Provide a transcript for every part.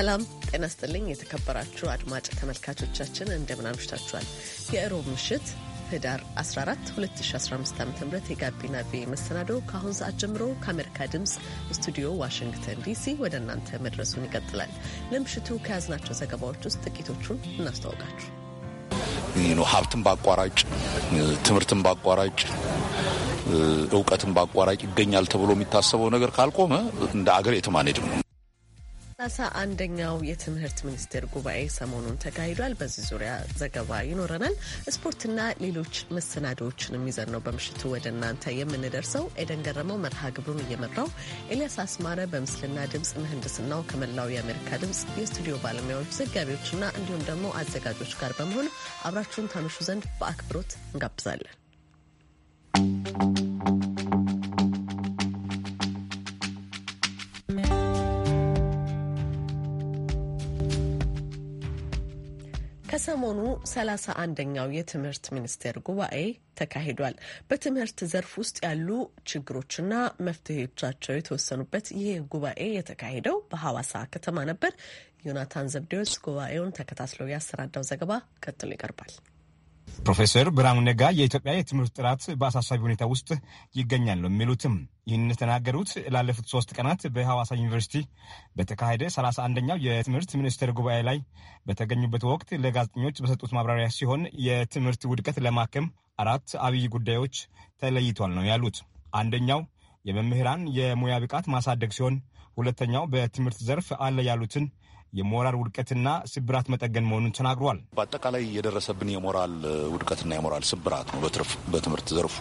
ሰላም ጤና ስጥልኝ። የተከበራችሁ አድማጭ ተመልካቾቻችን እንደምን አምሽታችኋል? የእሮብ ምሽት ህዳር 14 2015 ዓ ም የጋቢና ቪ መሰናዶ ከአሁን ሰዓት ጀምሮ ከአሜሪካ ድምፅ ስቱዲዮ ዋሽንግተን ዲሲ ወደ እናንተ መድረሱን ይቀጥላል። ለምሽቱ ከያዝናቸው ዘገባዎች ውስጥ ጥቂቶቹን እናስተዋውቃችሁ። ሀብትን በአቋራጭ ትምህርትን በአቋራጭ እውቀትን በአቋራጭ ይገኛል ተብሎ የሚታሰበው ነገር ካልቆመ እንደ አገር የትም አንሄድም ነው ሰላሳ አንደኛው የትምህርት ሚኒስቴር ጉባኤ ሰሞኑን ተካሂዷል። በዚህ ዙሪያ ዘገባ ይኖረናል። ስፖርትና ሌሎች መሰናዶዎችንም ይዘን ነው በምሽቱ ወደ እናንተ የምንደርሰው። ኤደን ገረመው መርሃ ግብሩን እየመራው፣ ኤልያስ አስማረ በምስልና ድምፅ ምህንድስናው ከመላው የአሜሪካ ድምፅ የስቱዲዮ ባለሙያዎች፣ ዘጋቢዎችና እንዲሁም ደግሞ አዘጋጆች ጋር በመሆን አብራችሁን ታመሹ ዘንድ በአክብሮት እንጋብዛለን። ከሰሞኑ ሰላሳ አንደኛው የትምህርት ሚኒስቴር ጉባኤ ተካሂዷል። በትምህርት ዘርፍ ውስጥ ያሉ ችግሮችና መፍትሄዎቻቸው የተወሰኑበት ይህ ጉባኤ የተካሄደው በሐዋሳ ከተማ ነበር። ዮናታን ዘብዴዎስ ጉባኤውን ተከታትሎ ያሰናዳው ዘገባ ቀጥሎ ይቀርባል። ፕሮፌሰር ብርሃኑ ነጋ የኢትዮጵያ የትምህርት ጥራት በአሳሳቢ ሁኔታ ውስጥ ይገኛል የሚሉትም ይህን የተናገሩት ላለፉት ሶስት ቀናት በሐዋሳ ዩኒቨርሲቲ በተካሄደ ሰላሳ አንደኛው የትምህርት ሚኒስቴር ጉባኤ ላይ በተገኙበት ወቅት ለጋዜጠኞች በሰጡት ማብራሪያ ሲሆን የትምህርት ውድቀት ለማከም አራት አብይ ጉዳዮች ተለይቷል ነው ያሉት። አንደኛው የመምህራን የሙያ ብቃት ማሳደግ ሲሆን፣ ሁለተኛው በትምህርት ዘርፍ አለ ያሉትን የሞራል ውድቀትና ስብራት መጠገን መሆኑን ተናግሯል። በአጠቃላይ የደረሰብን የሞራል ውድቀትና የሞራል ስብራት ነው። በትምህርት ዘርፉ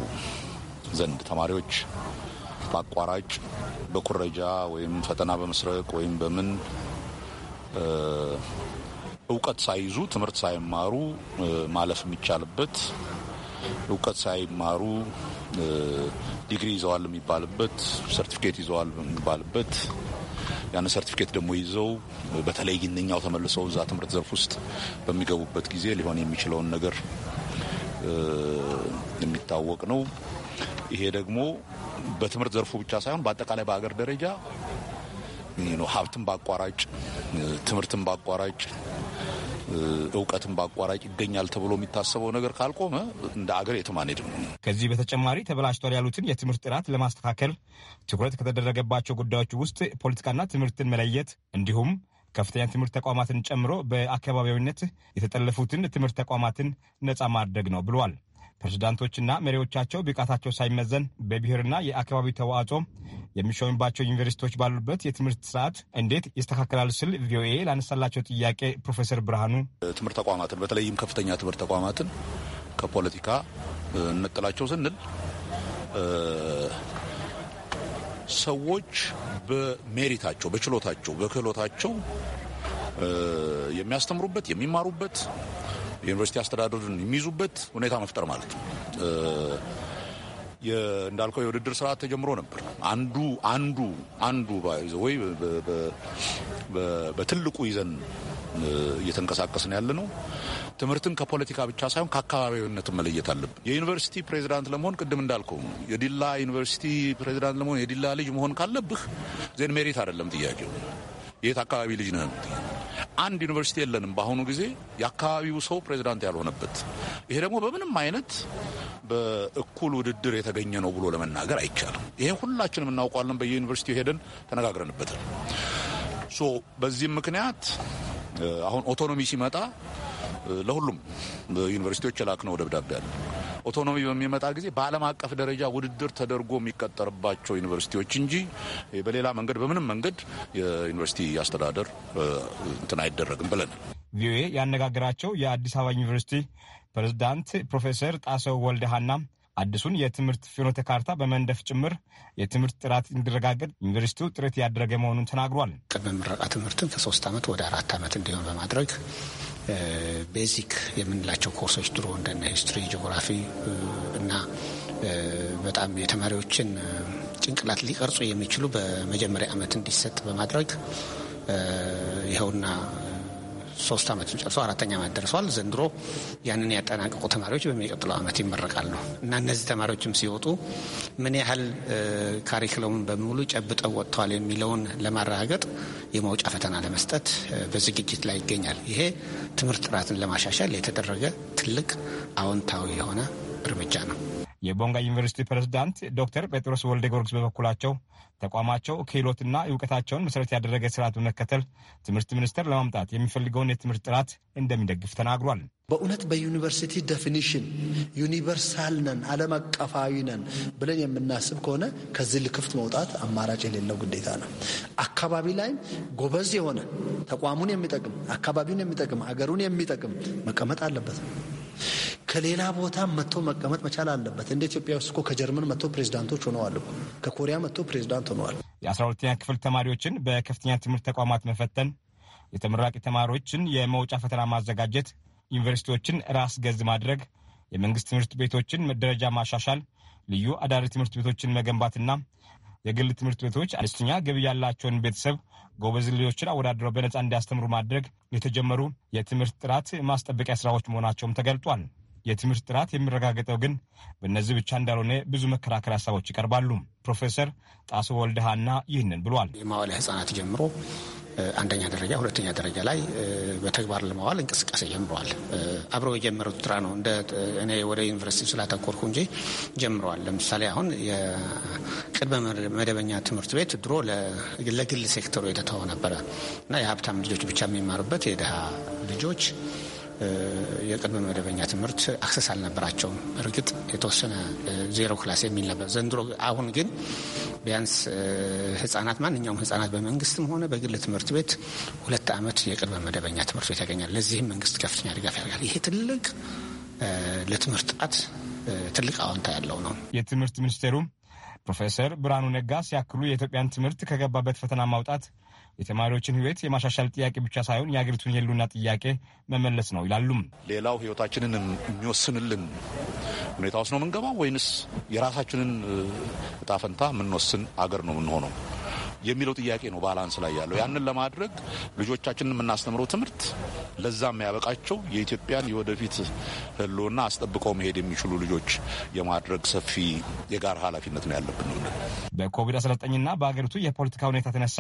ዘንድ ተማሪዎች በአቋራጭ በኩረጃ ወይም ፈተና በመስረቅ ወይም በምን እውቀት ሳይዙ ትምህርት ሳይማሩ ማለፍ የሚቻልበት እውቀት ሳይማሩ ዲግሪ ይዘዋል የሚባልበት ሰርቲፊኬት ይዘዋል የሚባልበት ያን ሰርቲፊኬት ደግሞ ይዘው በተለይ ግንኛው ተመልሰው እዛ ትምህርት ዘርፍ ውስጥ በሚገቡበት ጊዜ ሊሆን የሚችለውን ነገር የሚታወቅ ነው። ይሄ ደግሞ በትምህርት ዘርፉ ብቻ ሳይሆን በአጠቃላይ በሀገር ደረጃ ሀብትን በአቋራጭ ትምህርትን በአቋራጭ እውቀትን በአቋራጭ ይገኛል ተብሎ የሚታሰበው ነገር ካልቆመ እንደ አገር የትም አንሄድም። ከዚህ በተጨማሪ ተበላሽቷል ያሉትን የትምህርት ጥራት ለማስተካከል ትኩረት ከተደረገባቸው ጉዳዮች ውስጥ ፖለቲካና ትምህርትን መለየት እንዲሁም ከፍተኛ ትምህርት ተቋማትን ጨምሮ በአካባቢያዊነት የተጠለፉትን ትምህርት ተቋማትን ነፃ ማድረግ ነው ብሏል። ፕሬዚዳንቶችና መሪዎቻቸው ብቃታቸው ሳይመዘን በብሔርና የአካባቢ ተዋጽኦ የሚሾምባቸው ዩኒቨርሲቲዎች ባሉበት የትምህርት ስርዓት እንዴት ይስተካከላል ስል ቪኦኤ ላነሳላቸው ጥያቄ ፕሮፌሰር ብርሃኑ ትምህርት ተቋማትን በተለይም ከፍተኛ ትምህርት ተቋማትን ከፖለቲካ እንጥላቸው ስንል ሰዎች በሜሪታቸው፣ በችሎታቸው፣ በክህሎታቸው የሚያስተምሩበት የሚማሩበት የዩኒቨርሲቲ አስተዳደሩን የሚይዙበት ሁኔታ መፍጠር ማለት ነው። እንዳልከው የውድድር ስርዓት ተጀምሮ ነበር። አንዱ አንዱ አንዱ ወይ በትልቁ ይዘን እየተንቀሳቀስን ያለ ነው። ትምህርትን ከፖለቲካ ብቻ ሳይሆን ከአካባቢዊነት መለየት አለብን። የዩኒቨርሲቲ ፕሬዚዳንት ለመሆን ቅድም እንዳልከው የዲላ ዩኒቨርሲቲ ፕሬዚዳንት ለመሆን የዲላ ልጅ መሆን ካለብህ ዜን ሜሪት አይደለም ጥያቄው፣ የት አካባቢ ልጅ ነህ። አንድ ዩኒቨርሲቲ የለንም በአሁኑ ጊዜ የአካባቢው ሰው ፕሬዚዳንት ያልሆነበት። ይሄ ደግሞ በምንም አይነት በእኩል ውድድር የተገኘ ነው ብሎ ለመናገር አይቻልም። ይህን ሁላችንም እናውቋለን። በየዩኒቨርሲቲው ሄደን ተነጋግረንበታል። ሶ በዚህም ምክንያት አሁን ኦቶኖሚ ሲመጣ ለሁሉም ዩኒቨርሲቲዎች የላክነው ደብዳቤ አለ። ኦቶኖሚ በሚመጣ ጊዜ በዓለም አቀፍ ደረጃ ውድድር ተደርጎ የሚቀጠርባቸው ዩኒቨርሲቲዎች እንጂ በሌላ መንገድ በምንም መንገድ የዩኒቨርሲቲ አስተዳደር እንትን አይደረግም ብለናል። ቪኦኤ ያነጋገራቸው የአዲስ አበባ ዩኒቨርሲቲ ፕሬዝዳንት ፕሮፌሰር ጣሰው ወልደሃና አዲሱን የትምህርት ፍኖተ ካርታ በመንደፍ ጭምር የትምህርት ጥራት እንዲረጋገጥ ዩኒቨርሲቲው ጥረት ያደረገ መሆኑን ተናግሯል። ቅድመ ምረቃ ትምህርትን ከሶስት ዓመት ወደ አራት ዓመት እንዲሆን በማድረግ ቤዚክ የምንላቸው ኮርሶች ድሮ እንደነ ሂስትሪ፣ ጂኦግራፊ እና በጣም የተማሪዎችን ጭንቅላት ሊቀርጹ የሚችሉ በመጀመሪያ ዓመት እንዲሰጥ በማድረግ ይኸውና ሶስት ዓመቱን ጨርሶ አራተኛ ዓመት ደርሰዋል። ዘንድሮ ያንን ያጠናቀቁ ተማሪዎች በሚቀጥለው ዓመት ይመረቃሉ እና እነዚህ ተማሪዎችም ሲወጡ ምን ያህል ካሪክለሙን በሙሉ ጨብጠው ወጥተዋል የሚለውን ለማረጋገጥ የመውጫ ፈተና ለመስጠት በዝግጅት ላይ ይገኛል። ይሄ ትምህርት ጥራትን ለማሻሻል የተደረገ ትልቅ አዎንታዊ የሆነ እርምጃ ነው። የቦንጋ ዩኒቨርሲቲ ፕሬዝዳንት ዶክተር ጴጥሮስ ወልደ ጊዮርጊስ በበኩላቸው ተቋማቸው ክህሎትና እውቀታቸውን መሰረት ያደረገ ስርዓት በመከተል ትምህርት ሚኒስቴር ለማምጣት የሚፈልገውን የትምህርት ጥራት እንደሚደግፍ ተናግሯል። በእውነት በዩኒቨርሲቲ ዴፊኒሽን ዩኒቨርሳል ነን ዓለም አቀፋዊ ነን ብለን የምናስብ ከሆነ ከዚህ ልክፍት መውጣት አማራጭ የሌለው ግዴታ ነው። አካባቢ ላይም ጎበዝ የሆነ ተቋሙን የሚጠቅም አካባቢውን የሚጠቅም አገሩን የሚጠቅም መቀመጥ አለበት። ከሌላ ቦታ መጥቶ መቀመጥ መቻል አለበት። እንደ ኢትዮጵያ ውስጥ እኮ ከጀርመን መጥቶ ፕሬዚዳንቶች ሆነዋል፣ ከኮሪያ መጥቶ ፕሬዚዳንት ሆነዋል። የአስራ ሁለተኛ ክፍል ተማሪዎችን በከፍተኛ ትምህርት ተቋማት መፈተን፣ የተመራቂ ተማሪዎችን የመውጫ ፈተና ማዘጋጀት፣ ዩኒቨርሲቲዎችን ራስ ገዝ ማድረግ፣ የመንግስት ትምህርት ቤቶችን ደረጃ ማሻሻል፣ ልዩ አዳሪ ትምህርት ቤቶችን መገንባትና የግል ትምህርት ቤቶች አነስተኛ ገቢ ያላቸውን ቤተሰብ ጎበዝ ልጆችን አወዳድረው በነፃ እንዲያስተምሩ ማድረግ የተጀመሩ የትምህርት ጥራት ማስጠበቂያ ስራዎች መሆናቸውም ተገልጧል። የትምህርት ጥራት የሚረጋገጠው ግን በእነዚህ ብቻ እንዳልሆነ ብዙ መከራከል ሀሳቦች ይቀርባሉ። ፕሮፌሰር ጣሶ ወልደሃና ይህንን ብሏል። የማዋለ ህጻናት ጀምሮ አንደኛ ደረጃ፣ ሁለተኛ ደረጃ ላይ በተግባር ለማዋል እንቅስቃሴ ጀምረዋል። አብረው የጀመሩት ስራ ነው። እንደ እኔ ወደ ዩኒቨርሲቲ ስላተኮርኩ እንጂ ጀምረዋል። ለምሳሌ አሁን የቅድመ መደበኛ ትምህርት ቤት ድሮ ለግል ሴክተሩ የተተወ ነበረ እና የሀብታም ልጆች ብቻ የሚማሩበት የድሃ ልጆች የቅድመ መደበኛ ትምህርት አክሰስ አልነበራቸውም። እርግጥ የተወሰነ ዜሮ ክላስ የሚል ነበር ዘንድሮ። አሁን ግን ቢያንስ ህጻናት ማንኛውም ህጻናት በመንግስትም ሆነ በግል ትምህርት ቤት ሁለት ዓመት የቅድመ መደበኛ ትምህርት ቤት ያገኛል። ለዚህም መንግስት ከፍተኛ ድጋፍ ያደርጋል። ይሄ ትልቅ ለትምህርት ጣት ትልቅ አዎንታ ያለው ነው። የትምህርት ሚኒስቴሩም ፕሮፌሰር ብርሃኑ ነጋ ሲያክሉ የኢትዮጵያን ትምህርት ከገባበት ፈተና ማውጣት የተማሪዎችን ህይወት የማሻሻል ጥያቄ ብቻ ሳይሆን የሀገሪቱን የህልውና ጥያቄ መመለስ ነው ይላሉም። ሌላው ህይወታችንን የሚወስንልን ሁኔታ ውስጥ ነው የምንገባው ወይንስ የራሳችንን እጣ ፈንታ የምንወስን አገር ነው የምንሆነው የሚለው ጥያቄ ነው ባላንስ ላይ ያለው። ያንን ለማድረግ ልጆቻችንን የምናስተምረው ትምህርት ለዛ የሚያበቃቸው የኢትዮጵያን የወደፊት ህልውና አስጠብቀው መሄድ የሚችሉ ልጆች የማድረግ ሰፊ የጋራ ኃላፊነት ነው ያለብን። በኮቪድ-19ና በሀገሪቱ የፖለቲካ ሁኔታ ተነሳ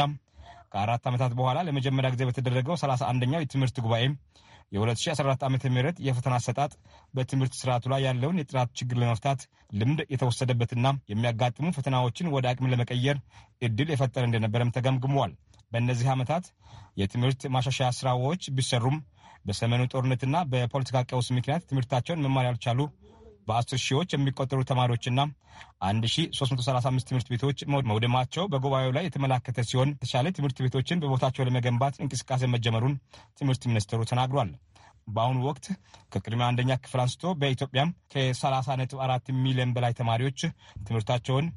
ከአራት ዓመታት በኋላ ለመጀመሪያ ጊዜ በተደረገው 31ኛው የትምህርት ጉባኤም የ2014 ዓ ም የፈተና አሰጣጥ በትምህርት ስርዓቱ ላይ ያለውን የጥራት ችግር ለመፍታት ልምድ የተወሰደበትና የሚያጋጥሙ ፈተናዎችን ወደ አቅም ለመቀየር እድል የፈጠረ እንደነበረም ተገምግሟል። በእነዚህ ዓመታት የትምህርት ማሻሻያ ስራዎች ቢሰሩም በሰሜኑ ጦርነትና በፖለቲካ ቀውስ ምክንያት ትምህርታቸውን መማር ያልቻሉ በአስር ሺዎች የሚቆጠሩ ተማሪዎችና 1335 ትምህርት ቤቶች መውደማቸው በጉባኤው ላይ የተመላከተ ሲሆን የተሻለ ትምህርት ቤቶችን በቦታቸው ለመገንባት እንቅስቃሴ መጀመሩን ትምህርት ሚኒስትሩ ተናግሯል። በአሁኑ ወቅት ከቅድመ አንደኛ ክፍል አንስቶ በኢትዮጵያም ከ 34 ሚሊዮን በላይ ተማሪዎች ትምህርታቸውን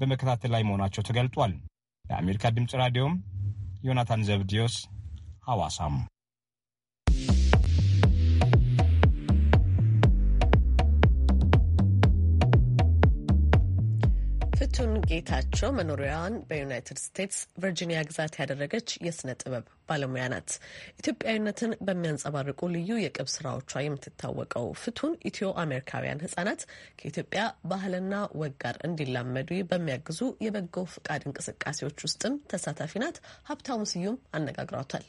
በመከታተል ላይ መሆናቸው ተገልጧል። የአሜሪካ ድምፅ ራዲዮም ዮናታን ዘብዲዮስ ሐዋሳም ፍቱን ጌታቸው መኖሪያዋን በዩናይትድ ስቴትስ ቨርጂኒያ ግዛት ያደረገች የስነ ጥበብ ባለሙያ ናት። ኢትዮጵያዊነትን በሚያንጸባርቁ ልዩ የቅብ ስራዎቿ የምትታወቀው ፍቱን ኢትዮ አሜሪካውያን ህጻናት ከኢትዮጵያ ባህልና ወግ ጋር እንዲላመዱ በሚያግዙ የበጎ ፍቃድ እንቅስቃሴዎች ውስጥም ተሳታፊ ናት። ሀብታሙ ስዩም አነጋግሯታል።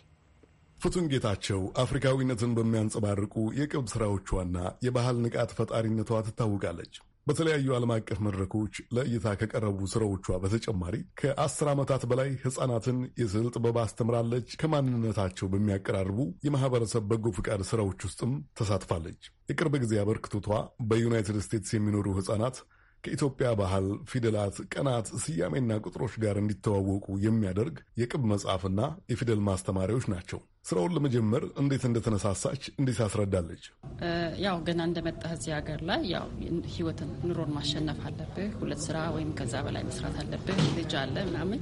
ፍቱን ጌታቸው አፍሪካዊነትን በሚያንጸባርቁ የቅብ ስራዎቿና የባህል ንቃት ፈጣሪነቷ ትታወቃለች። በተለያዩ ዓለም አቀፍ መድረኮች ለእይታ ከቀረቡ ስራዎቿ በተጨማሪ ከአስር ዓመታት በላይ ሕፃናትን የስዕል ጥበብ አስተምራለች። ከማንነታቸው በሚያቀራርቡ የማህበረሰብ በጎ ፍቃድ ስራዎች ውስጥም ተሳትፋለች። የቅርብ ጊዜ አበርክቶቷ በዩናይትድ ስቴትስ የሚኖሩ ሕፃናት ከኢትዮጵያ ባህል፣ ፊደላት፣ ቀናት፣ ስያሜና ቁጥሮች ጋር እንዲተዋወቁ የሚያደርግ የቅብ መጽሐፍና የፊደል ማስተማሪያዎች ናቸው። ስራውን ለመጀመር እንዴት እንደተነሳሳች እንዴት ያስረዳለች። ያው ገና እንደመጣህ እዚህ ሀገር ላይ ያው ህይወትን ኑሮን ማሸነፍ አለብህ። ሁለት ስራ ወይም ከዛ በላይ መስራት አለብህ። ልጅ አለ ምናምን።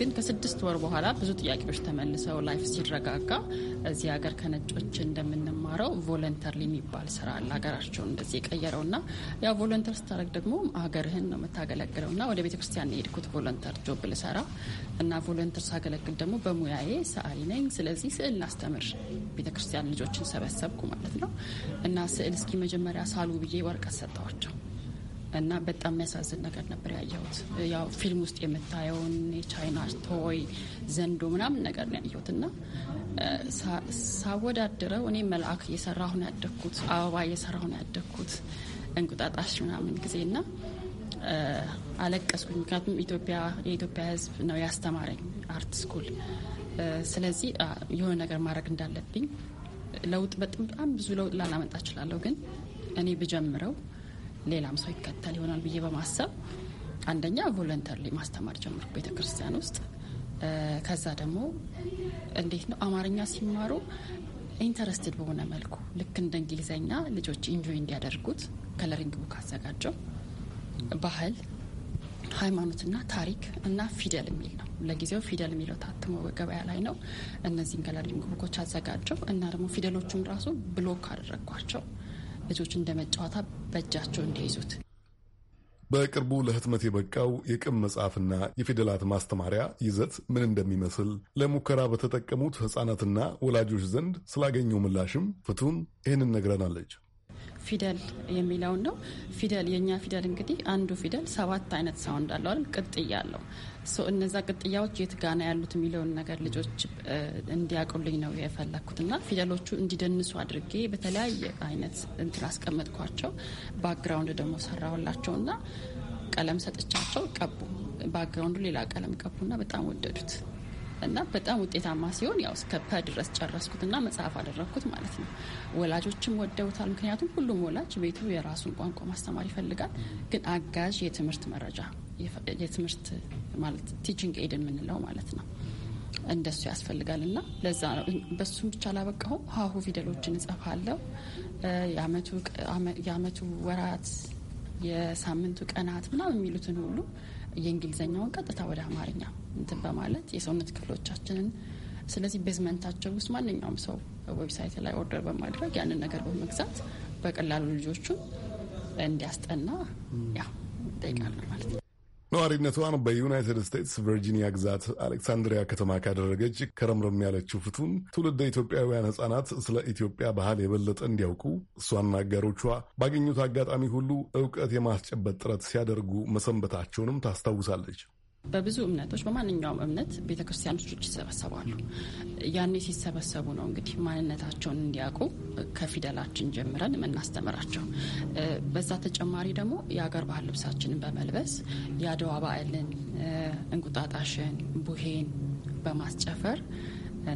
ግን ከስድስት ወር በኋላ ብዙ ጥያቄዎች ተመልሰው ላይፍ ሲረጋጋ እዚህ ሀገር ከነጮች እንደምንማረው ቮለንተር የሚባል ስራ አለ ሀገራቸውን እንደዚህ የቀየረው ና ያው ቮለንተር ስታደርግ ደግሞ ሀገርህን ነው የምታገለግለው ና ወደ ቤተክርስቲያን የሄድኩት ቮለንተር ጆብ ልሰራ እና ቮለንተር ሳገለግል ደግሞ በሙያዬ ሰዓሊ ነኝ ስለዚህ ስዕል እናስተምር ቤተ ክርስቲያን ልጆችን ሰበሰብኩ ማለት ነው። እና ስዕል እስኪ መጀመሪያ ሳሉ ብዬ ወረቀት ሰጠዋቸው እና በጣም የሚያሳዝን ነገር ነበር ያየሁት። ያው ፊልም ውስጥ የምታየውን የቻይና ቶይ ዘንዶ ምናምን ነገር ነው ያየሁት እና ሳወዳድረው እኔ መልአክ እየሰራሁ ነው ያደግኩት፣ አበባ እየሰራሁ ነው ያደግኩት እንቁጣጣሽ ምናምን ጊዜና አለቀስኩኝ። ምክንያቱም ኢትዮጵያ የኢትዮጵያ ሕዝብ ነው ያስተማረኝ አርት ስኩል ስለዚህ የሆነ ነገር ማድረግ እንዳለብኝ ለውጥ በጣም ብዙ ለውጥ ላላመጣ እችላለሁ፣ ግን እኔ ብጀምረው ሌላም ሰው ይከተል ይሆናል ብዬ በማሰብ አንደኛ ቮለንተሪ ማስተማር ጀምሩ ቤተ ክርስቲያን ውስጥ። ከዛ ደግሞ እንዴት ነው አማርኛ ሲማሩ ኢንተረስትድ በሆነ መልኩ ልክ እንደ እንግሊዝኛ ልጆች ኢንጆይ እንዲያደርጉት ከለሪንግ ቡክ አዘጋጀው። ባህል ሃይማኖትና ታሪክ እና ፊደል የሚል ነው ለጊዜው ፊደል የሚለው ታትሞ ገበያ ላይ ነው። እነዚህን ከለሪንግ ቡኮች አዘጋጀው እና ደግሞ ፊደሎቹም ራሱ ብሎክ አደረግኳቸው ልጆች እንደ መጫወታ በእጃቸው እንዲይዙት። በቅርቡ ለህትመት የበቃው የቅም መጽሐፍና የፊደላት ማስተማሪያ ይዘት ምን እንደሚመስል ለሙከራ በተጠቀሙት ህጻናትና ወላጆች ዘንድ ስላገኘው ምላሽም ፍቱን ይህንን ነግረናለች። ፊደል የሚለውን ነው። ፊደል የእኛ ፊደል እንግዲህ አንዱ ፊደል ሰባት አይነት ሳውንድ አለው አይደል? ቅጥ እያለው እነዛ ቅጥያዎች የት ጋና ያሉት የሚለውን ነገር ልጆች እንዲያውቁልኝ ነው የፈለግኩትና ፊደሎቹ እንዲደንሱ አድርጌ በተለያየ አይነት እንትን አስቀመጥኳቸው። ባክግራውንድ ደግሞ ሰራሁላቸውና ቀለም ሰጥቻቸው ቀቡ። ባክግራውንዱ ሌላ ቀለም ቀቡና በጣም ወደዱት። እና በጣም ውጤታማ ሲሆን ያው እስከ ፐ ድረስ ጨረስኩትና መጽሐፍ አደረግኩት ማለት ነው። ወላጆችም ወደውታል። ምክንያቱም ሁሉም ወላጅ ቤቱ የራሱን ቋንቋ ማስተማር ይፈልጋል። ግን አጋዥ የትምህርት መረጃ የትምህርት ማለት ቲችንግ ኤድ የምንለው ማለት ነው። እንደሱ ያስፈልጋል እና ለዛ ነው በሱም ብቻ አላበቃሁም። ሀሁ ፊደሎችን እጽፋለሁ። የአመቱ ወራት፣ የሳምንቱ ቀናት ምናምን የሚሉትን ሁሉ የእንግሊዝኛውን ቀጥታ ወደ አማርኛ እንትን በማለት የሰውነት ክፍሎቻችንን ስለዚህ ቤዝመንታቸው ውስጥ ማንኛውም ሰው ዌብሳይት ላይ ኦርደር በማድረግ ያንን ነገር በመግዛት በቀላሉ ልጆቹ እንዲያስጠና ያ ጠይቃለሁ ማለት ነው። ነዋሪነቷን በዩናይትድ ስቴትስ ቨርጂኒያ ግዛት አሌክሳንድሪያ ከተማ ካደረገች ከረምረም ያለችው ፍቱን ትውልደ ኢትዮጵያውያን ሕጻናት ስለ ኢትዮጵያ ባህል የበለጠ እንዲያውቁ እሷና አጋሮቿ ባገኙት አጋጣሚ ሁሉ እውቀት የማስጨበጥ ጥረት ሲያደርጉ መሰንበታቸውንም ታስታውሳለች። በብዙ እምነቶች በማንኛውም እምነት ቤተ ክርስቲያን ይሰበሰባሉ። ያኔ ሲሰበሰቡ ነው እንግዲህ ማንነታቸውን እንዲያውቁ ከፊደላችን ጀምረን የምናስተምራቸው። በዛ ተጨማሪ ደግሞ የአገር ባህል ልብሳችንን በመልበስ የአድዋ በዓልን፣ እንቁጣጣሽን፣ ቡሄን በማስጨፈር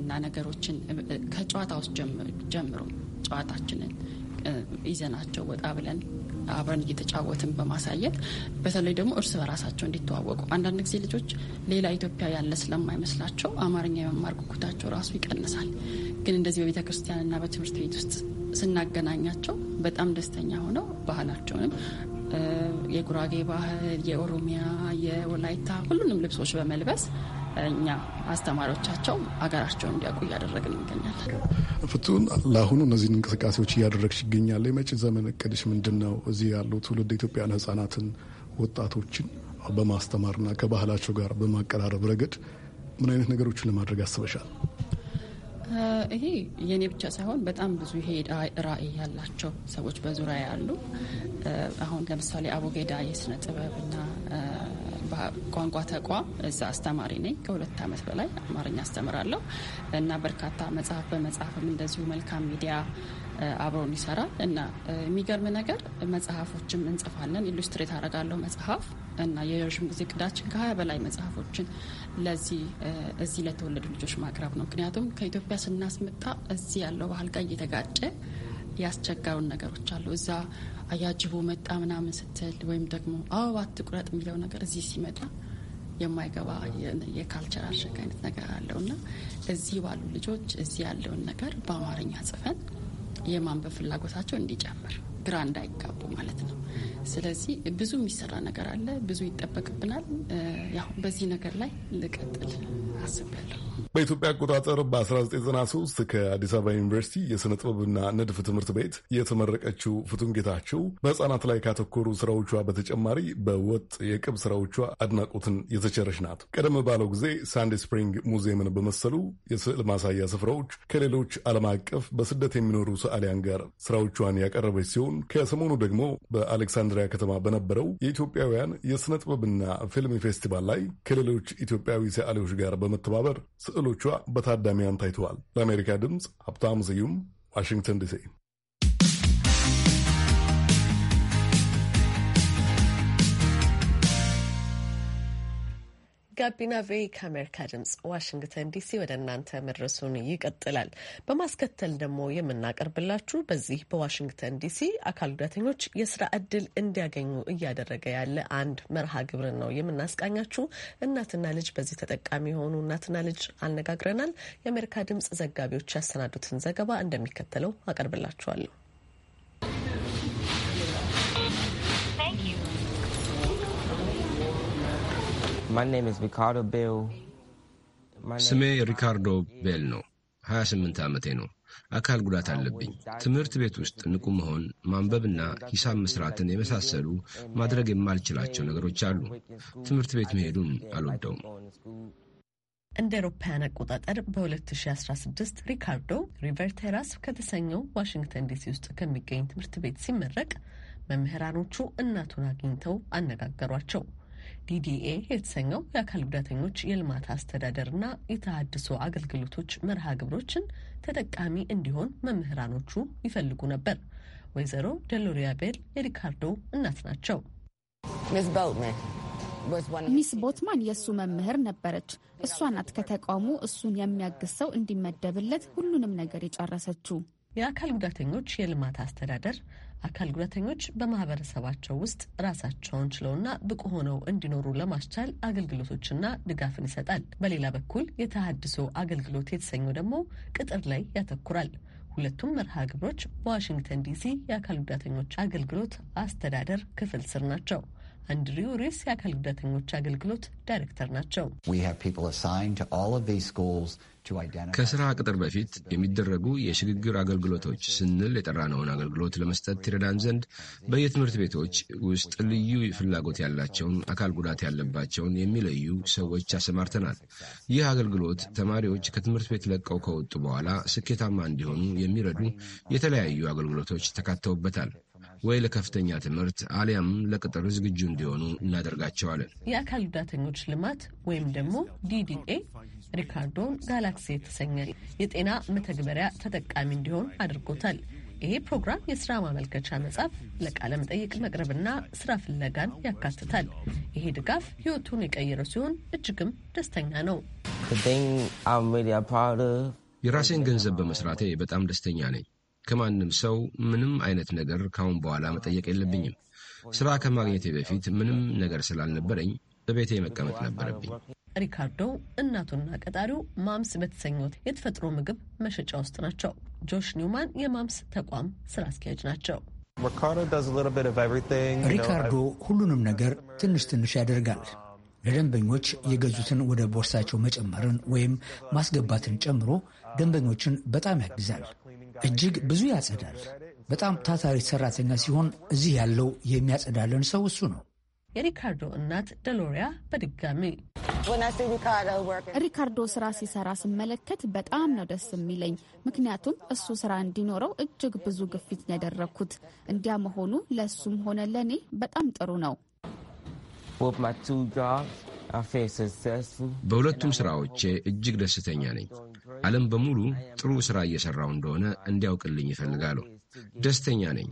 እና ነገሮችን ከጨዋታ ውስጥ ጀምሮ ጨዋታችንን ይዘናቸው ወጣ ብለን አብረን እየተጫወትን በማሳየት በተለይ ደግሞ እርስ በራሳቸው እንዲተዋወቁ አንዳንድ ጊዜ ልጆች ሌላ ኢትዮጵያ ያለ ስለማይመስላቸው አማርኛ የመማር ጉጉታቸው ራሱ ይቀንሳል። ግን እንደዚህ በቤተ ክርስቲያንና በትምህርት ቤት ውስጥ ስናገናኛቸው በጣም ደስተኛ ሆነው ባህላቸውንም የጉራጌ ባህል፣ የኦሮሚያ፣ የወላይታ ሁሉንም ልብሶች በመልበስ እኛ አስተማሪዎቻቸው አገራቸውን እንዲያውቁ እያደረግን ይገኛለን። ፍቱን፣ ለአሁኑ እነዚህን እንቅስቃሴዎች እያደረግሽ ይገኛል። የመጪ ዘመን እቅድሽ ምንድን ነው? እዚህ ያሉ ትውልድ ኢትዮጵያን ህጻናትን፣ ወጣቶችን በማስተማርና ከባህላቸው ጋር በማቀራረብ ረገድ ምን አይነት ነገሮችን ለማድረግ አስበሻል? ይሄ የእኔ ብቻ ሳይሆን በጣም ብዙ ይሄ ራዕይ ያላቸው ሰዎች በዙሪያ ያሉ አሁን ለምሳሌ አቦጌዳ የስነ ጥበብና ቋንቋ ተቋም እዛ አስተማሪ ነኝ። ከሁለት ዓመት በላይ አማርኛ አስተምራለሁ እና በርካታ መጽሐፍ በመጽሐፍም እንደዚሁ መልካም ሚዲያ አብሮን ይሰራል እና የሚገርም ነገር መጽሐፎችም እንጽፋለን። ኢሉስትሬት አረጋለሁ መጽሐፍ እና የረዥም ጊዜ ቅዳችን ከሀያ በላይ መጽሐፎችን ለዚህ እዚህ ለተወለዱ ልጆች ማቅረብ ነው። ምክንያቱም ከኢትዮጵያ ስናስመጣ እዚህ ያለው ባህል ጋር እየተጋጨ ያስቸገሩን ነገሮች አሉ። እዛ አያጅቦ መጣ ምናምን ስትል ወይም ደግሞ አበባ አትቁረጥ የሚለው ነገር እዚህ ሲመጣ የማይገባ የካልቸር አሸግ አይነት ነገር አለው እና እዚህ ባሉ ልጆች እዚህ ያለውን ነገር በአማርኛ ጽፈን የማንበብ ፍላጎታቸው እንዲጨምር ግራ እንዳይጋቡ ማለት ነው። ስለዚህ ብዙ የሚሰራ ነገር አለ፣ ብዙ ይጠበቅብናል። ያው በዚህ ነገር ላይ ልቀጥል አስቤያለሁ። በኢትዮጵያ አቆጣጠር በ1993 ከአዲስ አበባ ዩኒቨርሲቲ የሥነ ጥበብና ንድፍ ትምህርት ቤት የተመረቀችው ፍቱን ጌታቸው በሕፃናት ላይ ካተኮሩ ስራዎቿ በተጨማሪ በወጥ የቅብ ስራዎቿ አድናቆትን የተቸረች ናት። ቀደም ባለው ጊዜ ሳንዴ ስፕሪንግ ሙዚየምን በመሰሉ የስዕል ማሳያ ስፍራዎች ከሌሎች ዓለም አቀፍ በስደት የሚኖሩ ሰዓሊያን ጋር ስራዎቿን ያቀረበች ሲሆን ከሰሞኑ ደግሞ በአሌክሳንድሪያ ከተማ በነበረው የኢትዮጵያውያን የሥነ ጥበብና ፊልም ፌስቲቫል ላይ ከሌሎች ኢትዮጵያዊ ሰዓሊዎች ጋር በመተባበር ስዕሎቿ በታዳሚያን ታይተዋል። ለአሜሪካ ድምፅ ሀብታም ስዩም ዋሽንግተን ዲሲ ጋቢና ቬ ከአሜሪካ ድምጽ ዋሽንግተን ዲሲ ወደ እናንተ መድረሱን ይቀጥላል። በማስከተል ደግሞ የምናቀርብላችሁ በዚህ በዋሽንግተን ዲሲ አካል ጉዳተኞች የስራ እድል እንዲያገኙ እያደረገ ያለ አንድ መርሃ ግብርን ነው የምናስቃኛችሁ። እናትና ልጅ በዚህ ተጠቃሚ የሆኑ እናትና ልጅ አነጋግረናል። የአሜሪካ ድምጽ ዘጋቢዎች ያሰናዱትን ዘገባ እንደሚከተለው አቀርብላችኋለሁ። ስሜ ሪካርዶ ቤል ነው። 28 ዓመቴ ነው። አካል ጉዳት አለብኝ። ትምህርት ቤት ውስጥ ንቁ መሆን፣ ማንበብና ሂሳብ መስራትን የመሳሰሉ ማድረግ የማልችላቸው ነገሮች አሉ። ትምህርት ቤት መሄዱን አልወደውም። እንደ አውሮፓውያን አቆጣጠር በ2016 ሪካርዶ ሪቨርቴራስ ከተሰኘው ዋሽንግተን ዲሲ ውስጥ ከሚገኝ ትምህርት ቤት ሲመረቅ መምህራኖቹ እናቱን አግኝተው አነጋገሯቸው። ዲዲኤ የተሰኘው የአካል ጉዳተኞች የልማት አስተዳደርና የተሃድሶ አገልግሎቶች መርሃ ግብሮችን ተጠቃሚ እንዲሆን መምህራኖቹ ይፈልጉ ነበር። ወይዘሮ ደሎሪያ ቤል የሪካርዶ እናት ናቸው። ሚስ ቦትማን የእሱ መምህር ነበረች። እሷ ናት ከተቋሙ እሱን የሚያግዝ ሰው እንዲመደብለት ሁሉንም ነገር የጨረሰችው። የአካል ጉዳተኞች የልማት አስተዳደር አካል ጉዳተኞች በማህበረሰባቸው ውስጥ ራሳቸውን ችለውና ብቁ ሆነው እንዲኖሩ ለማስቻል አገልግሎቶችና ድጋፍን ይሰጣል። በሌላ በኩል የተሃድሶ አገልግሎት የተሰኘው ደግሞ ቅጥር ላይ ያተኩራል። ሁለቱም መርሃ ግብሮች በዋሽንግተን ዲሲ የአካል ጉዳተኞች አገልግሎት አስተዳደር ክፍል ስር ናቸው። አንድሪው ሬስ የአካል ጉዳተኞች አገልግሎት ዳይሬክተር ናቸው። ከስራ ቅጥር በፊት የሚደረጉ የሽግግር አገልግሎቶች ስንል የጠራነውን አገልግሎት ለመስጠት ትረዳን ዘንድ በየትምህርት ቤቶች ውስጥ ልዩ ፍላጎት ያላቸውን አካል ጉዳት ያለባቸውን የሚለዩ ሰዎች አሰማርተናል። ይህ አገልግሎት ተማሪዎች ከትምህርት ቤት ለቀው ከወጡ በኋላ ስኬታማ እንዲሆኑ የሚረዱ የተለያዩ አገልግሎቶች ተካተውበታል። ወይ ለከፍተኛ ትምህርት አሊያም ለቅጥር ዝግጁ እንዲሆኑ እናደርጋቸዋለን። የአካል ጉዳተኞች ልማት ወይም ደግሞ ዲዲኤ ሪካርዶን ጋላክሲ የተሰኘ የጤና መተግበሪያ ተጠቃሚ እንዲሆን አድርጎታል። ይሄ ፕሮግራም የስራ ማመልከቻ መጻፍ፣ ለቃለ መጠይቅ መቅረብና ስራ ፍለጋን ያካትታል። ይሄ ድጋፍ ህይወቱን የቀየረው ሲሆን እጅግም ደስተኛ ነው። የራሴን ገንዘብ በመስራቴ በጣም ደስተኛ ነኝ። ከማንም ሰው ምንም አይነት ነገር ካሁን በኋላ መጠየቅ የለብኝም። ስራ ከማግኘቴ በፊት ምንም ነገር ስላልነበረኝ በቤቴ መቀመጥ ነበረብኝ። ሪካርዶ እናቱና ቀጣሪው ማምስ በተሰኘው የተፈጥሮ ምግብ መሸጫ ውስጥ ናቸው። ጆሽ ኒውማን የማምስ ተቋም ስራ አስኪያጅ ናቸው። ሪካርዶ ሁሉንም ነገር ትንሽ ትንሽ ያደርጋል። ለደንበኞች የገዙትን ወደ ቦርሳቸው መጨመርን ወይም ማስገባትን ጨምሮ ደንበኞችን በጣም ያግዛል። እጅግ ብዙ ያጸዳል። በጣም ታታሪ ሰራተኛ ሲሆን እዚህ ያለው የሚያጸዳለን ሰው እሱ ነው። የሪካርዶ እናት ደሎሪያ በድጋሚ ሪካርዶ ስራ ሲሰራ ስመለከት በጣም ነው ደስ የሚለኝ። ምክንያቱም እሱ ስራ እንዲኖረው እጅግ ብዙ ግፊት ያደረግኩት። እንዲያ መሆኑ ለእሱም ሆነ ለእኔ በጣም ጥሩ ነው። በሁለቱም ስራዎቼ እጅግ ደስተኛ ነኝ። ዓለም በሙሉ ጥሩ ስራ እየሰራው እንደሆነ እንዲያውቅልኝ ይፈልጋሉ። ደስተኛ ነኝ።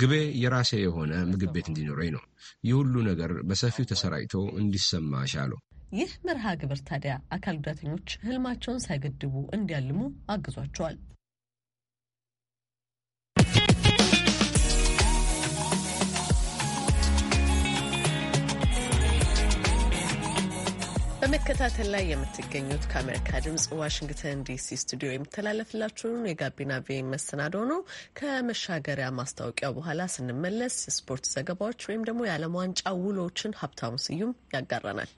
ግቤ የራሴ የሆነ ምግብ ቤት እንዲኖረኝ ነው። ይህ ሁሉ ነገር በሰፊው ተሰራጭቶ እንዲሰማ ሻሉ። ይህ መርሃ ግብር ታዲያ አካል ጉዳተኞች ህልማቸውን ሳይገድቡ እንዲያልሙ አግዟቸዋል። በመከታተል ላይ የምትገኙት ከአሜሪካ ድምጽ ዋሽንግተን ዲሲ ስቱዲዮ የሚተላለፍላችሁን የጋቢና ቪ መሰናዶ ነው። ከመሻገሪያ ማስታወቂያ በኋላ ስንመለስ የስፖርት ዘገባዎች ወይም ደግሞ የዓለም ዋንጫ ውሎችን ሀብታሙ ስዩም ያጋራናል።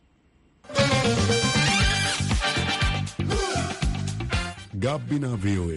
ጋቢና ቪኦኤ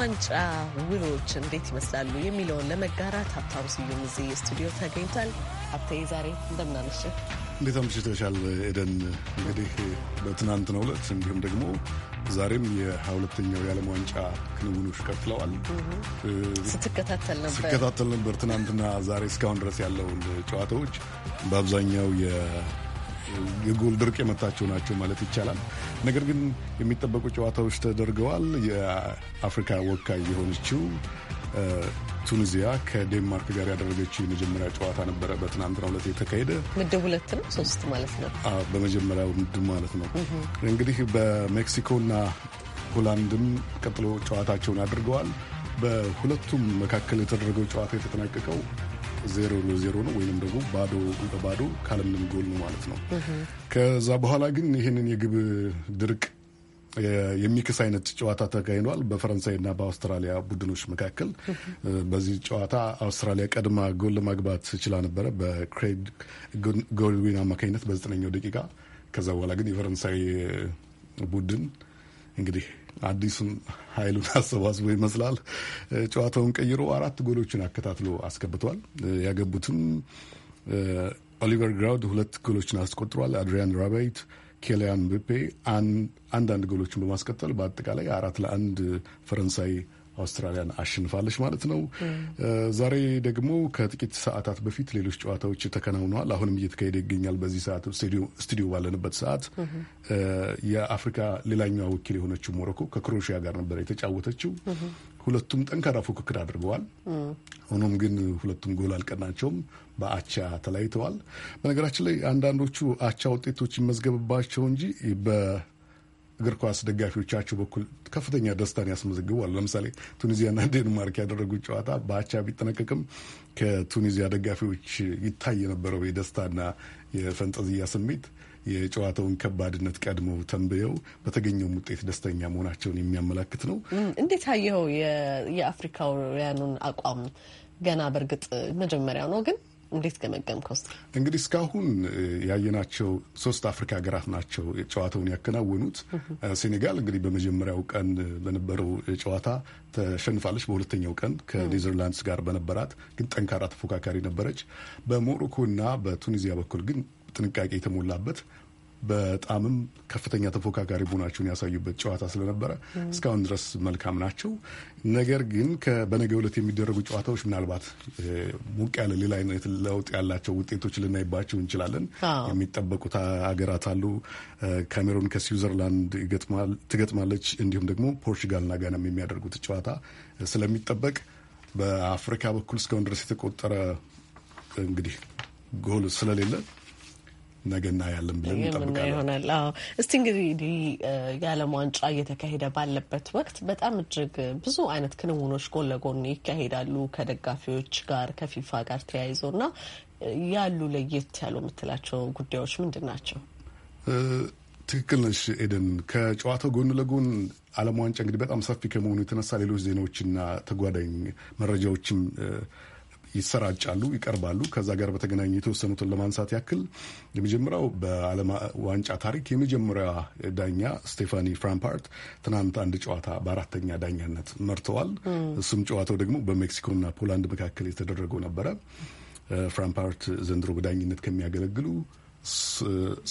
የዋንጫ ውሎች እንዴት ይመስላሉ የሚለውን ለመጋራት ሀብታሙ ስዩም እዚህ ስቱዲዮ ተገኝቷል። ሀብቴ ዛሬ እንደምናመሽ እንዴት አምሽተሻል? ኤደን እንግዲህ በትናንትናው ዕለት እንዲሁም ደግሞ ዛሬም የሀሁለተኛው ሁለተኛው የዓለም ዋንጫ ክንውኖች ቀጥለዋል። ነበር ስትከታተል ነበር ትናንትና ዛሬ እስካሁን ድረስ ያለውን ጨዋታዎች በአብዛኛው የጎል ድርቅ የመታቸው ናቸው ማለት ይቻላል። ነገር ግን የሚጠበቁ ጨዋታዎች ተደርገዋል። የአፍሪካ ወካይ የሆነችው ቱኒዚያ ከዴንማርክ ጋር ያደረገችው የመጀመሪያ ጨዋታ ነበረ በትናንትናው ዕለት የተካሄደ። ምድብ ሁለት ነው ሶስት ማለት ነው። በመጀመሪያው ምድብ ማለት ነው። እንግዲህ በሜክሲኮና ሆላንድም ቀጥሎ ጨዋታቸውን አድርገዋል። በሁለቱም መካከል የተደረገው ጨዋታ የተጠናቀቀው ዜሮ ለዜሮ ነው ወይም ደግሞ ባዶ በባዶ ካለምንም ጎል ነው ማለት ነው። ከዛ በኋላ ግን ይህንን የግብ ድርቅ የሚክስ አይነት ጨዋታ ተካሂዷል ና በአውስትራሊያ ቡድኖች መካከል። በዚህ ጨዋታ አውስትራሊያ ቀድማ ጎል ለማግባት ችላ ነበረ በክሬግ ጎልዊን አማካኝነት በዘጠነኛው ደቂቃ። ከዛ በኋላ ግን የፈረንሳይ ቡድን እንግዲህ አዲሱን ኃይሉን አሰባስቦ ይመስላል ጨዋታውን ቀይሮ አራት ጎሎችን አከታትሎ አስገብቷል። ያገቡትም ኦሊቨር ግራውድ ሁለት ጎሎችን አስቆጥሯል። አድሪያን ራባይት፣ ኬሊያን ምቤፔ አንዳንድ ጎሎችን በማስቀጠል በአጠቃላይ አራት ለአንድ ፈረንሳይ አውስትራሊያን አሸንፋለች ማለት ነው። ዛሬ ደግሞ ከጥቂት ሰዓታት በፊት ሌሎች ጨዋታዎች ተከናውነዋል። አሁንም እየተካሄደ ይገኛል። በዚህ ሰዓት ስቱዲዮ ባለንበት ሰዓት የአፍሪካ ሌላኛው ወኪል የሆነችው ሞሮኮ ከክሮሽያ ጋር ነበር የተጫወተችው። ሁለቱም ጠንካራ ፉክክር አድርገዋል። ሆኖም ግን ሁለቱም ጎል አልቀናቸውም፣ በአቻ ተለያይተዋል። በነገራችን ላይ አንዳንዶቹ አቻ ውጤቶች ይመዝገብባቸው እንጂ እግር ኳስ ደጋፊዎቻቸው በኩል ከፍተኛ ደስታን ያስመዘግቧል። ለምሳሌ ቱኒዚያና ዴንማርክ ያደረጉት ጨዋታ በአቻ ቢጠናቀቅም ከቱኒዚያ ደጋፊዎች ይታይ የነበረው የደስታና የፈንጠዝያ ስሜት የጨዋታውን ከባድነት ቀድሞ ተንብየው በተገኘውም ውጤት ደስተኛ መሆናቸውን የሚያመላክት ነው። እንዴት አየኸው? የአፍሪካውያኑን አቋም ገና በእርግጥ መጀመሪያው ነው ግን እንዴት ገመገምከው? እንግዲህ እስካሁን ያየናቸው ሶስት አፍሪካ ሀገራት ናቸው ጨዋታውን ያከናወኑት። ሴኔጋል እንግዲህ በመጀመሪያው ቀን በነበረው ጨዋታ ተሸንፋለች። በሁለተኛው ቀን ከኔዘርላንድስ ጋር በነበራት ግን ጠንካራ ተፎካካሪ ነበረች። በሞሮኮና በቱኒዚያ በኩል ግን ጥንቃቄ የተሞላበት በጣምም ከፍተኛ ተፎካካሪ መሆናቸውን ያሳዩበት ጨዋታ ስለነበረ እስካሁን ድረስ መልካም ናቸው። ነገር ግን በነገ ዕለት የሚደረጉ ጨዋታዎች ምናልባት ሞቅ ያለ ሌላ አይነት ለውጥ ያላቸው ውጤቶች ልናይባቸው እንችላለን። የሚጠበቁት ሀገራት አሉ። ካሜሩን ከስዊዘርላንድ ትገጥማለች። እንዲሁም ደግሞ ፖርቹጋልና ጋናም የሚያደርጉት ጨዋታ ስለሚጠበቅ በአፍሪካ በኩል እስካሁን ድረስ የተቆጠረ እንግዲህ ጎል ስለሌለ ነገ እናያለን ብለን እንጠብቃለን እስቲ እንግዲህ የዓለም ዋንጫ እየተካሄደ ባለበት ወቅት በጣም እጅግ ብዙ አይነት ክንውኖች ጎን ለጎን ይካሄዳሉ ከደጋፊዎች ጋር ከፊፋ ጋር ተያይዞ እና ያሉ ለየት ያሉ የምትላቸው ጉዳዮች ምንድን ናቸው? ትክክል ነሽ ኤደን። ከጨዋታው ጎን ለጎን ዓለም ዋንጫ እንግዲህ በጣም ሰፊ ከመሆኑ የተነሳ ሌሎች ዜናዎችና ተጓዳኝ መረጃዎችም ይሰራጫሉ፣ ይቀርባሉ። ከዛ ጋር በተገናኘ የተወሰኑትን ለማንሳት ያክል የመጀመሪያው በዓለም ዋንጫ ታሪክ የመጀመሪያ ዳኛ ስቴፋኒ ፍራምፓርት ትናንት አንድ ጨዋታ በአራተኛ ዳኛነት መርተዋል። እሱም ጨዋታው ደግሞ በሜክሲኮና ፖላንድ መካከል የተደረገው ነበረ። ፍራምፓርት ዘንድሮ በዳኝነት ከሚያገለግሉ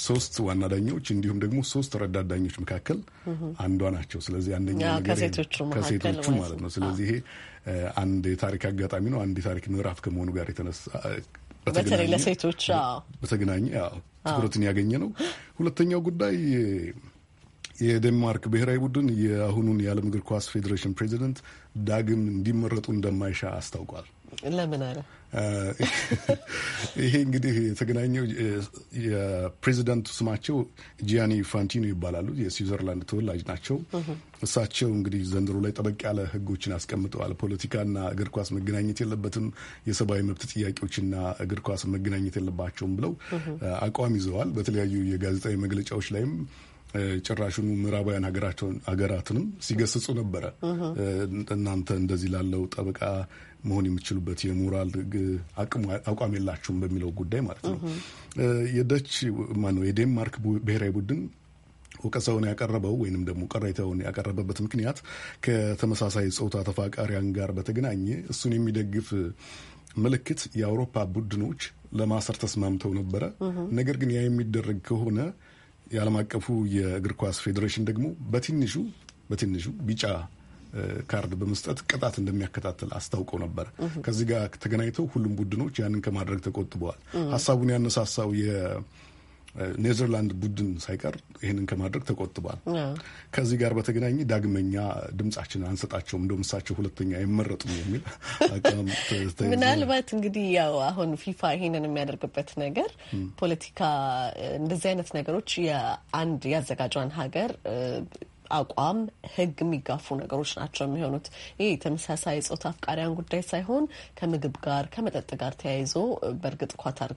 ሶስት ዋና ዳኞች እንዲሁም ደግሞ ሶስት ረዳት ዳኞች መካከል አንዷ ናቸው። ስለዚህ አንደኛ ከሴቶቹ ማለት ነው። ስለዚህ ይሄ አንድ የታሪክ አጋጣሚ ነው። አንድ የታሪክ ምዕራፍ ከመሆኑ ጋር የተነሳ በተለይ ለሴቶች በተገናኘ ትኩረትን ያገኘ ነው። ሁለተኛው ጉዳይ የዴንማርክ ብሔራዊ ቡድን የአሁኑን የዓለም እግር ኳስ ፌዴሬሽን ፕሬዚደንት ዳግም እንዲመረጡ እንደማይሻ አስታውቋል። ለምን አለ? ይሄ እንግዲህ የተገናኘው የፕሬዚደንቱ ስማቸው ጂያኒ ፋንቲኖ ይባላሉ። የስዊዘርላንድ ተወላጅ ናቸው። እሳቸው እንግዲህ ዘንድሮ ላይ ጠበቅ ያለ ሕጎችን አስቀምጠዋል። ፖለቲካና እግር ኳስ መገናኘት የለበትም፣ የሰብአዊ መብት ጥያቄዎችና እግር ኳስ መገናኘት የለባቸውም ብለው አቋም ይዘዋል። በተለያዩ የጋዜጣዊ መግለጫዎች ላይም ጭራሹን ምዕራባውያን ሀገራትንም ሲገስጹ ነበረ። እናንተ እንደዚህ ላለው ጠበቃ መሆን የምችሉበት የሞራል አቋም የላችሁም በሚለው ጉዳይ ማለት ነው። የደች ማነው የዴንማርክ ብሔራዊ ቡድን ወቀሳውን ያቀረበው ወይንም ደግሞ ቅሬታውን ያቀረበበት ምክንያት ከተመሳሳይ ጾታ ተፋቃሪያን ጋር በተገናኘ እሱን የሚደግፍ ምልክት የአውሮፓ ቡድኖች ለማሰር ተስማምተው ነበረ። ነገር ግን ያ የሚደረግ ከሆነ የዓለም አቀፉ የእግር ኳስ ፌዴሬሽን ደግሞ በትንሹ በትንሹ ቢጫ ካርድ በመስጠት ቅጣት እንደሚያከታተል አስታውቀው ነበር። ከዚህ ጋር ተገናኝተው ሁሉም ቡድኖች ያንን ከማድረግ ተቆጥበዋል። ሀሳቡን ያነሳሳው ኔዘርላንድ ቡድን ሳይቀር ይህንን ከማድረግ ተቆጥቧል። ከዚህ ጋር በተገናኘ ዳግመኛ ድምጻችን አንሰጣቸውም፣ እንደውም እሳቸው ሁለተኛ አይመረጡ የሚል ምናልባት እንግዲህ ያው አሁን ፊፋ ይህንን የሚያደርግበት ነገር ፖለቲካ፣ እንደዚህ አይነት ነገሮች የአንድ ያዘጋጇን ሀገር አቋም ህግ የሚጋፉ ነገሮች ናቸው የሚሆኑት። ይህ ተመሳሳይ ጾታ አፍቃሪያን ጉዳይ ሳይሆን ከምግብ ጋር ከመጠጥ ጋር ተያይዞ በእርግጥ ኳታር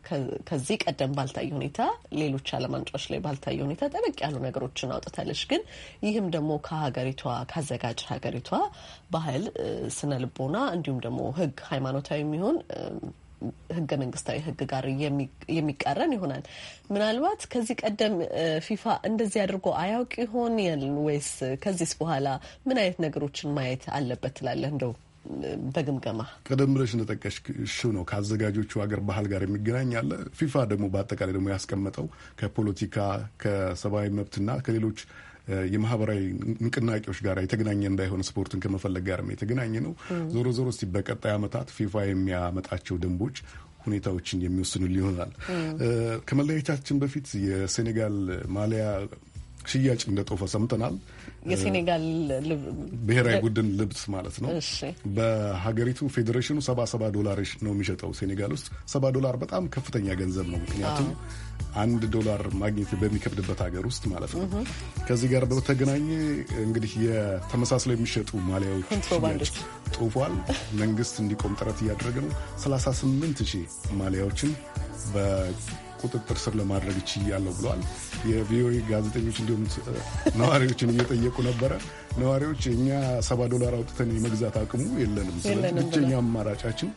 ከዚህ ቀደም ባልታየ ሁኔታ ሌሎች ዓለም ዋንጫዎች ላይ ባልታየ ሁኔታ ጠበቅ ያሉ ነገሮችን አውጥታለች። ግን ይህም ደግሞ ከሀገሪቷ ካዘጋጅ ሀገሪቷ ባህል፣ ስነ ልቦና እንዲሁም ደግሞ ህግ ሃይማኖታዊ የሚሆን ህገ መንግስታዊ ህግ ጋር የሚቃረን ይሆናል። ምናልባት ከዚህ ቀደም ፊፋ እንደዚህ አድርጎ አያውቅ ይሆን ወይስ ከዚህስ በኋላ ምን አይነት ነገሮችን ማየት አለበት ትላለህ? እንደው በግምገማ ቀደም ብለሽ እንደጠቀሽው ነው ከአዘጋጆቹ ሀገር ባህል ጋር የሚገናኝ አለ። ፊፋ ደግሞ በአጠቃላይ ደግሞ ያስቀመጠው ከፖለቲካ ከሰብአዊ መብትና ከሌሎች የማህበራዊ ንቅናቄዎች ጋር የተገናኘ እንዳይሆን ስፖርትን ከመፈለግ ጋር የተገናኘ ነው። ዞሮ ዞሮ እስቲ በቀጣይ ዓመታት ፊፋ የሚያመጣቸው ደንቦች ሁኔታዎችን የሚወስኑ ይሆናል። ከመለያየታችን በፊት የሴኔጋል ማሊያ ሽያጭ እንደ ጦፈ ሰምተናል። የሴኔጋል ብሔራዊ ቡድን ልብስ ማለት ነው። በሀገሪቱ ፌዴሬሽኑ ሰባ ሰባ ዶላር ነው የሚሸጠው ሴኔጋል ውስጥ ሰባ ዶላር በጣም ከፍተኛ ገንዘብ ነው። ምክንያቱም አንድ ዶላር ማግኘት በሚከብድበት ሀገር ውስጥ ማለት ነው። ከዚህ ጋር በተገናኘ እንግዲህ የተመሳስለው የሚሸጡ ማሊያዎች ሽያጭ ጡፏል። መንግስት እንዲቆም ጥረት እያደረገ ነው። 38 ሺህ ማሊያዎችን በቁጥጥር ስር ለማድረግ ችያለሁ ብለዋል። የቪኦኤ ጋዜጠኞች እንዲሁም ነዋሪዎችን እየጠየቁ ነበረ። ነዋሪዎች እኛ ሰባ ዶላር አውጥተን የመግዛት አቅሙ የለንም። ስለዚህ ብቸኛ አማራጫችን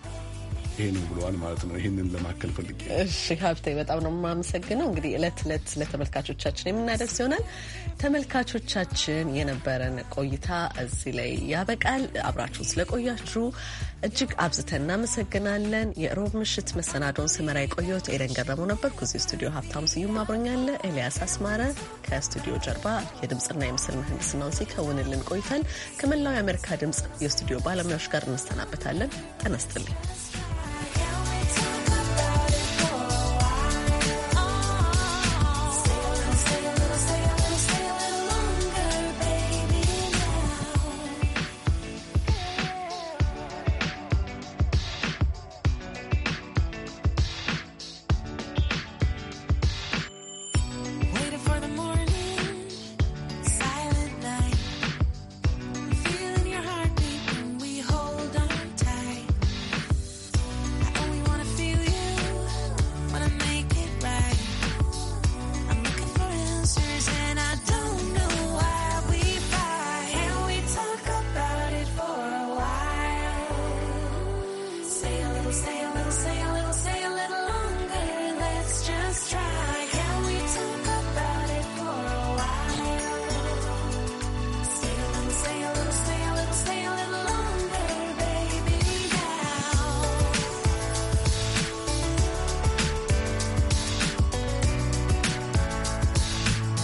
ይሄ ነው ብለዋል ማለት ነው። ይህንን ለማከል ፈልጌ። እሺ ሀብቴ በጣም ነው የማመሰግነው። እንግዲህ እለት እለት ለተመልካቾቻችን የምናደርስ ይሆናል። ተመልካቾቻችን የነበረን ቆይታ እዚህ ላይ ያበቃል። አብራችሁን ስለቆያችሁ እጅግ አብዝተን እናመሰግናለን። የሮብ ምሽት መሰናዶን ስመራ የቆየሁት ኤደን ገረመው ነበርኩ። እዚህ ስቱዲዮ ሀብታሙ ስዩም አብሮኛለ። ኤልያስ አስማረ ከስቱዲዮ ጀርባ የድምፅና የምስል ምህንድስናውን ሲከውንልን ቆይተን ከመላው የአሜሪካ ድምፅ የስቱዲዮ ባለሙያዎች ጋር እንሰናበታለን። ጤና ይስጥልኝ።